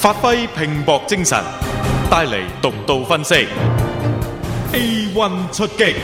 發揮拼搏精神，帶嚟獨到分析。A one 出擊，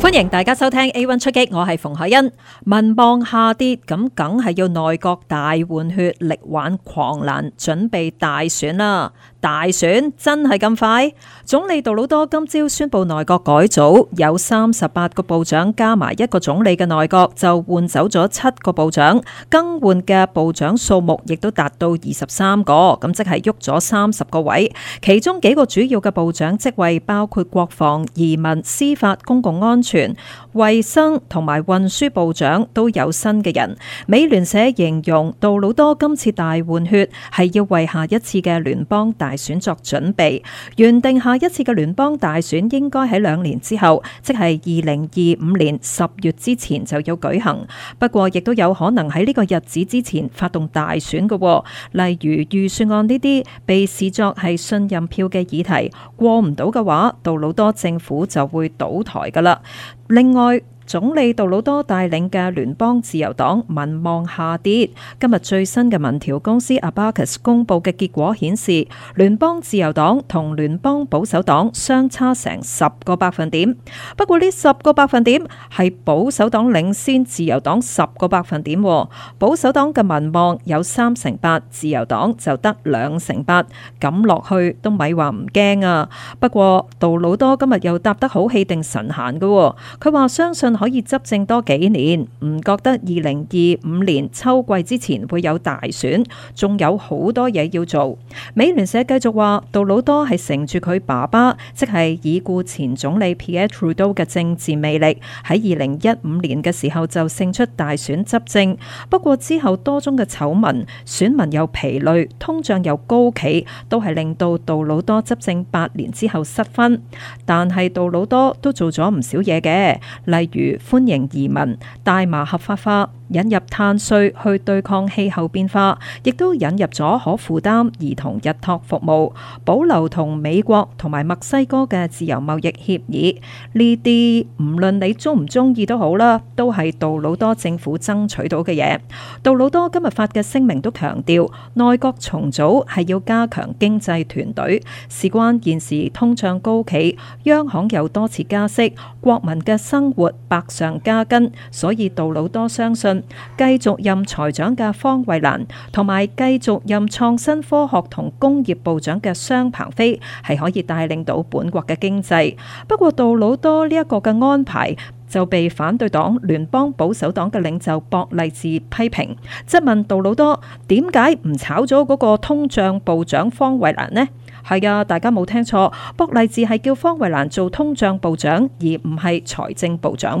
歡迎大家收聽 A one 出擊，我係馮凱欣。民望下跌，咁梗係要內閣大換血，力挽狂瀾，準備大選啦！大選真係咁快？總理杜魯多今朝宣布內閣改組，有三十八個部長加埋一個總理嘅內閣，就換走咗七個部長，更換嘅部長數目亦都達到二十三個，咁即係喐咗三十個位。其中幾個主要嘅部長職位，包括國防、移民、司法、公共安全、衛生同埋運輸部長，都有新嘅人。美聯社形容杜魯多今次大換血係要為下一次嘅聯邦大選作準備，原定下一次嘅聯邦大選應該喺兩年之後，即係二零二五年十月之前就要舉行。不過亦都有可能喺呢個日子之前發動大選㗎喎，例如預算案呢啲被視作係信任票嘅議題，過唔到嘅話，杜魯多政府就會倒台噶啦。另外。總理杜魯多帶領嘅聯邦自由黨民望下跌。今日最新嘅民調公司 Abacus 公布嘅結果顯示，聯邦自由黨同聯邦保守黨相差成十個百分點。不過呢十個百分點係保守黨領先自由黨十個百分點。保守黨嘅民望有三成八，自由黨就得兩成八。咁落去都咪話唔驚啊！不過杜魯多今日又答得好氣定神閒㗎。佢話相信。可以執政多幾年，唔覺得二零二五年秋季之前會有大選，仲有好多嘢要做。美聯社繼續話，杜魯多係乘住佢爸爸，即係已故前總理皮埃爾 Trudeau 嘅政治魅力，喺二零一五年嘅時候就勝出大選執政。不過之後多宗嘅醜聞，選民又疲累，通脹又高企，都係令到杜魯多執政八年之後失分。但係杜魯多都做咗唔少嘢嘅，例如。歡迎移民，大麻合法化。引入碳稅去對抗氣候變化，亦都引入咗可負擔兒童日託服務，保留同美國同埋墨西哥嘅自由貿易協議，呢啲唔論你鍾唔鍾意都好啦，都係杜魯多政府爭取到嘅嘢。杜魯多今日發嘅聲明都強調，內閣重組係要加強經濟團隊，事關現時通脹高企，央行有多次加息，國民嘅生活百上加斤，所以杜魯多相信，繼續任財長嘅方慧蘭，同埋繼續任創新科學同工業部長嘅商鵬飛，係可以帶領到本國嘅經濟。不過杜魯多呢一個嘅安排就被反對黨聯邦保守黨嘅領袖博利治批評，質問杜魯多點解唔炒咗嗰個通脹部長方慧蘭呢？係啊，大家冇聽錯，博利治係叫方慧蘭做通脹部長，而唔係財政部長。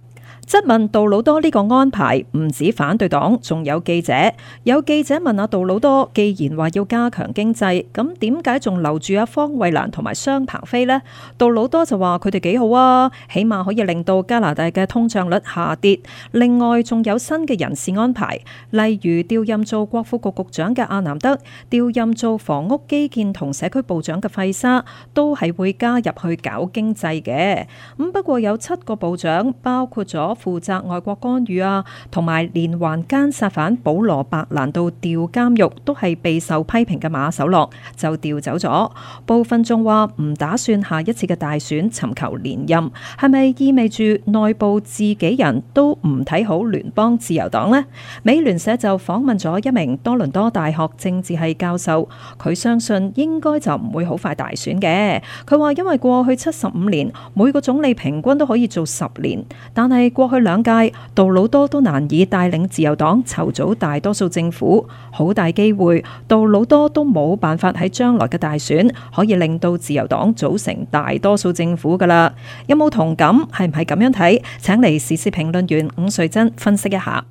質問杜魯多呢個安排，唔止反對黨，仲有記者。有記者問阿杜魯多，既然話要加強經濟，咁點解仲留住阿方慧蘭同埋商鵬飛呢？杜魯多就話佢哋幾好啊，起碼可以令到加拿大嘅通脹率下跌。另外仲有新嘅人事安排，例如調任做國庫局局長嘅阿南德，調任做房屋基建同社區部長嘅費沙，都係會加入去搞經濟嘅。咁不過有七個部長，包括咗。負責外國干預啊，同埋連環奸殺犯保羅伯納多調監獄都係備受批評嘅馬首落就調走咗。部分仲話唔打算下一次嘅大選尋求連任，係咪意味住內部自己人都唔睇好聯邦自由黨呢？美聯社就訪問咗一名多倫多大學政治系教授，佢相信應該就唔會好快大選嘅。佢話因為過去七十五年每個總理平均都可以做十年，但係過去兩屆，杜魯多都難以帶領自由黨籌組大多數政府，好大機會，杜魯多都冇辦法喺將來嘅大選可以令到自由黨組成大多數政府噶啦。有冇同感？係唔係咁樣睇？請嚟時事評論員伍瑞珍分析一下。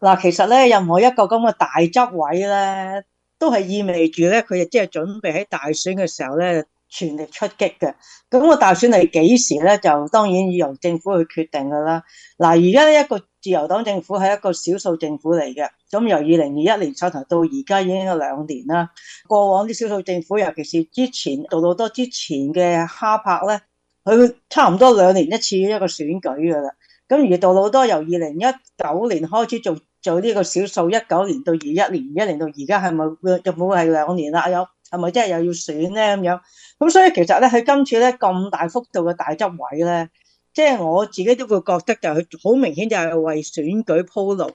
嗱，其實咧，任何一個咁嘅大執位咧，都係意味住咧，佢即係準備喺大選嘅時候咧。全力出擊嘅，咁個大選係幾時咧？就當然要由政府去決定㗎啦。嗱，而家一個自由黨政府係一個少數政府嚟嘅，咁由二零二一年上台到而家已經有兩年啦。過往啲少數政府，尤其是之前杜魯多之前嘅哈柏咧，佢差唔多兩年一次一個選舉㗎啦。咁而杜魯多由二零一九年開始做做呢個少數，一九年到二一年，二一年到而家係咪會，就冇係兩年啦，阿係咪真係又要選咧咁樣？咁所以其實咧，佢今次咧咁大幅度嘅大執位咧，即係我自己都會覺得就佢好明顯就係為選舉鋪路，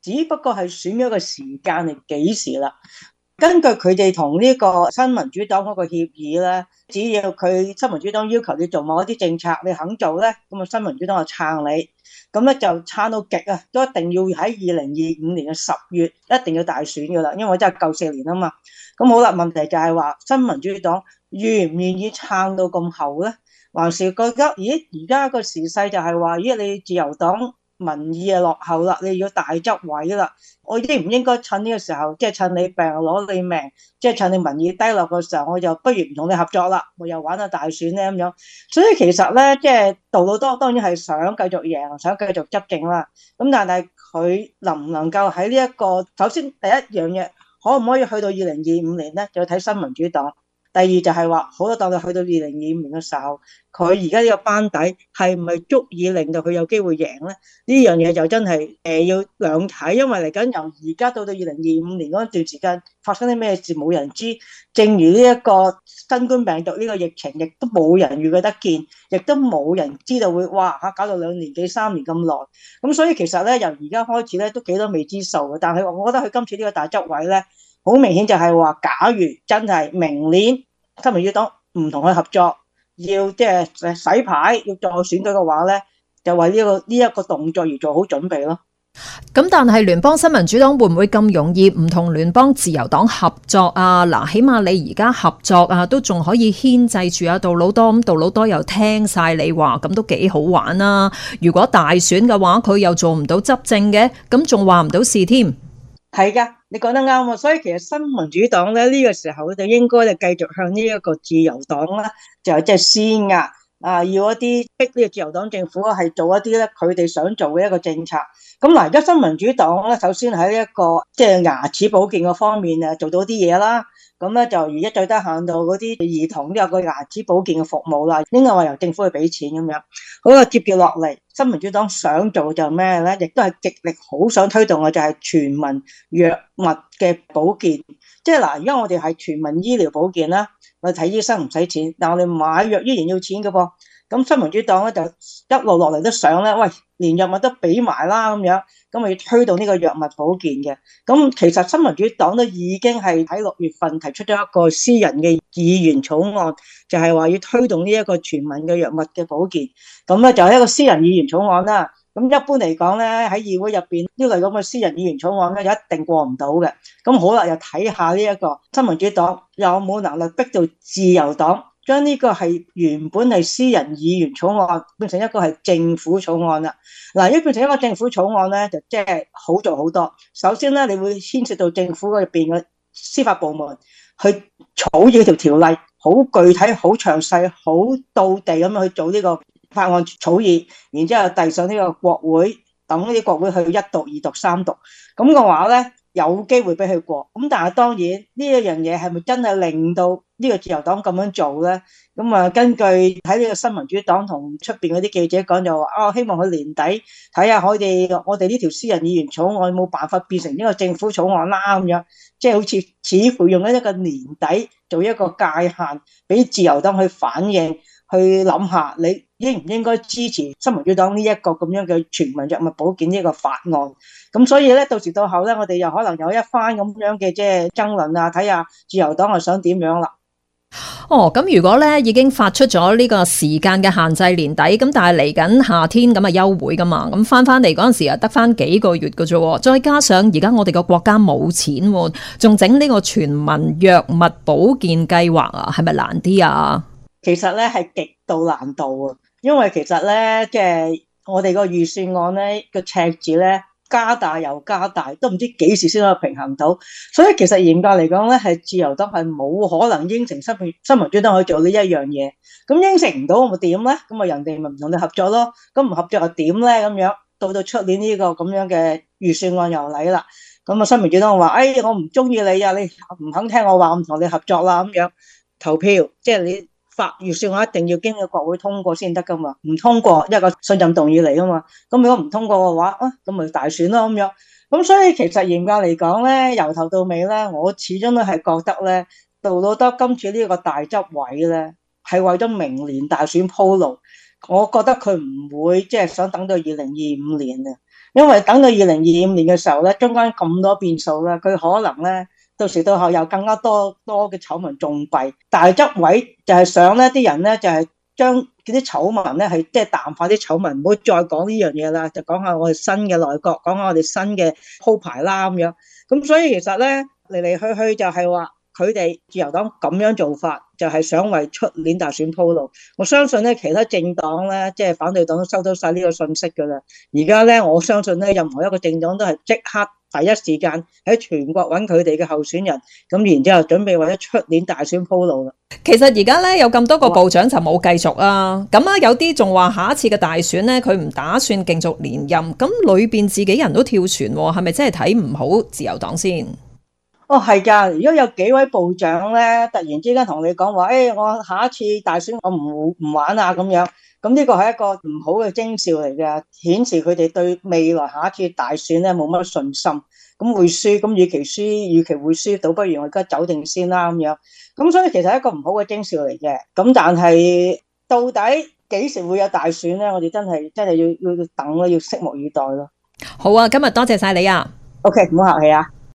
只不過係選咗個時間係幾時啦。根據佢哋同呢個新民主黨嗰個協議咧，只要佢新民主黨要求你做某一啲政策，你肯做咧，咁啊新民主黨就撐你，咁咧就撐到極啊，都一定要喺二零二五年嘅十月一定要大選噶啦，因為我真係夠四年啊嘛。咁好啦，問題就係話新民主黨願唔願意撐到咁後咧，還是覺得咦而家個時勢就係話咦你自由黨？民意啊落後啦，你要大執位啦，我應唔應該趁呢個時候，即係趁你病攞你命，即係趁你民意低落嘅時候，我就不如唔同你合作啦，我又玩下大選咧咁樣。所以其實咧，即係杜魯多當然係想繼續贏，想繼續執政啦。咁但係佢能唔能夠喺呢一個，首先第一樣嘢，可唔可以去到二零二五年咧，就睇新民主黨。第二就係話，好多當佢去到二零二五年嘅時候，佢而家呢個班底係咪足以令到佢有機會贏咧？呢樣嘢就真係誒、呃、要兩睇，因為嚟緊由而家到到二零二五年嗰段時間發生啲咩事冇人知，正如呢一個新冠病毒呢個疫情亦都冇人預計得見，亦都冇人知道會哇嚇搞到兩年幾三年咁耐。咁所以其實咧，由而家開始咧都幾多未知數嘅。但係我覺得佢今次呢個大執位咧。好明顯就係話，假如真係明年新民主黨唔同佢合作，要即係洗牌，要再選舉嘅話呢，就為呢個呢一個動作而做好準備咯。咁但係聯邦新民主黨會唔會咁容易唔同聯邦自由黨合作啊？嗱，起碼你而家合作啊，都仲可以牽制住阿杜魯多，咁杜魯多又聽晒你話，咁都幾好玩啊。如果大選嘅話，佢又做唔到執政嘅，咁仲話唔到事添。係噶。你講得啱喎，所以其實新民主黨咧呢個時候就應該就繼續向呢一個自由黨啦，就即係施壓啊，要一啲逼呢個自由黨政府係做一啲咧佢哋想做嘅一個政策。咁嗱，而家新民主黨咧，首先喺一個即係牙齒保健個方面啊，做到啲嘢啦。咁咧就而家最低限度嗰啲兒童都有個牙齒保健嘅服務啦，應該話由政府去俾錢咁樣。好啊，接住落嚟，新民主黨想做就咩咧？亦都係極力好想推動嘅就係全民藥物嘅保健。即係嗱，而家我哋係全民醫療保健啦，我哋睇醫生唔使錢，但我哋買藥依然要錢㗎噃。咁新民主黨咧就一路落嚟都想咧，喂，連藥物都俾埋啦咁樣，咁咪要推動呢個藥物保健嘅。咁其實新民主黨都已經係喺六月份提出咗一個私人嘅議員草案，就係話要推動呢一個全民嘅藥物嘅保健。咁咧就係一個私人議員草案啦。咁一般嚟講咧，喺議會入面呢類咁嘅私人議員草案咧，就一定過唔到嘅。咁好啦，又睇下呢一個新民主黨有冇能力逼到自由黨。將呢個係原本係私人議員草案變成一個係政府草案啦。嗱，一變成一個政府草案咧，就即係好做好多。首先咧，你會牽涉到政府入邊嘅司法部門去草擬條條例，好具體、好詳細、好到地咁樣去做呢個法案草擬，然之後遞上呢個國會，等呢啲國會去一讀、二讀、三讀，咁嘅話咧。有機會俾佢過，咁但係當然呢一樣嘢係咪真係令到呢個自由黨咁樣做咧？咁啊，根據喺呢個新民主黨同出邊嗰啲記者講就話，哦，希望佢年底睇下佢哋我哋呢條私人議員草案有冇辦法變成呢個政府草案啦咁樣，即係好似似乎用一個年底做一個界限，俾自由黨去反映。去諗下，你應唔應該支持新民主黨呢一個咁樣嘅全民藥物保健呢一個法案？咁所以咧，到時到後咧，我哋又可能有一番咁樣嘅即係爭論啊，睇下自由黨係想點樣啦。哦，咁如果咧已經發出咗呢個時間嘅限制，年底咁，但係嚟緊夏天咁啊，休會噶嘛？咁翻翻嚟嗰陣時又得翻幾個月嘅啫，再加上而家我哋個國家冇錢，仲整呢個全民藥物保健計劃是不是難一啊，係咪難啲啊？其實咧係極度難度啊，因為其實咧嘅、即係、我哋個預算案咧個赤字咧加大又加大，都唔知幾時先可以平衡到。所以其實嚴格嚟講咧，係自由黨係冇可能應承新民新民主黨都可以做一呢一樣嘢。咁應承唔到，我咪點咧？咁啊，人哋咪唔同你合作咯。咁唔合作又點咧？咁樣到到出年呢個咁樣嘅預算案又嚟啦。咁啊，新民主黨話，哎我唔中意你啊，你唔肯聽我話，唔同你合作啦。咁樣投票，即係你。法預算我一定要經過國會通過先得噶嘛，唔通過一個信任動議嚟啊嘛，咁如果唔通過嘅話，啊咁咪大選咯咁樣，咁所以其實嚴格嚟講咧，由頭到尾咧，我始終都係覺得咧，杜魯多今次呢個大執位咧，係為咗明年大選鋪路，我覺得佢唔會即係、就是、想等到二零二五年啊，因為等到二零二五年嘅時候咧，中間咁多變數咧，佢可能咧。到時到後有更加多多嘅醜，醜聞，仲貴。但係大執位就係想咧，啲人咧就係將啲醜聞咧係即係淡化啲醜聞，唔好再講呢樣嘢啦。就講下我哋新嘅內閣，講下我哋新嘅鋪排啦咁樣。咁所以其實咧嚟嚟去去就係話，佢哋自由黨咁樣做法，就係、是、想為出年大選鋪路。我相信咧，其他政黨咧，即係反對黨都收到晒呢個信息㗎啦。而家咧，我相信咧，任何一個政黨都係即刻。第一時間喺全國揾佢哋嘅候選人，咁然之後準備為咗出年大選鋪路啦。其實而家呢，有咁多個部長就冇繼續啦，咁啊有啲仲話下一次嘅大選呢，佢唔打算競逐連任，咁裏邊自己人都跳船，係咪真係睇唔好自由黨先？哦，係噶，如果有幾位部長呢，突然之間同你講話，誒、哎、我下一次大選我唔唔玩啦咁樣。咁呢個係一個唔好嘅徵兆嚟嘅，顯示佢哋對未來下一次大選咧冇乜信心，咁會輸，咁與其輸，與其會輸，倒不如我而家走定先啦咁樣。咁所以其實係一個唔好嘅徵兆嚟嘅。咁但係到底幾時會有大選咧？我哋真係真係要要等咯，要拭目以待咯。好啊，今日多謝晒你啊。OK，唔好客氣啊。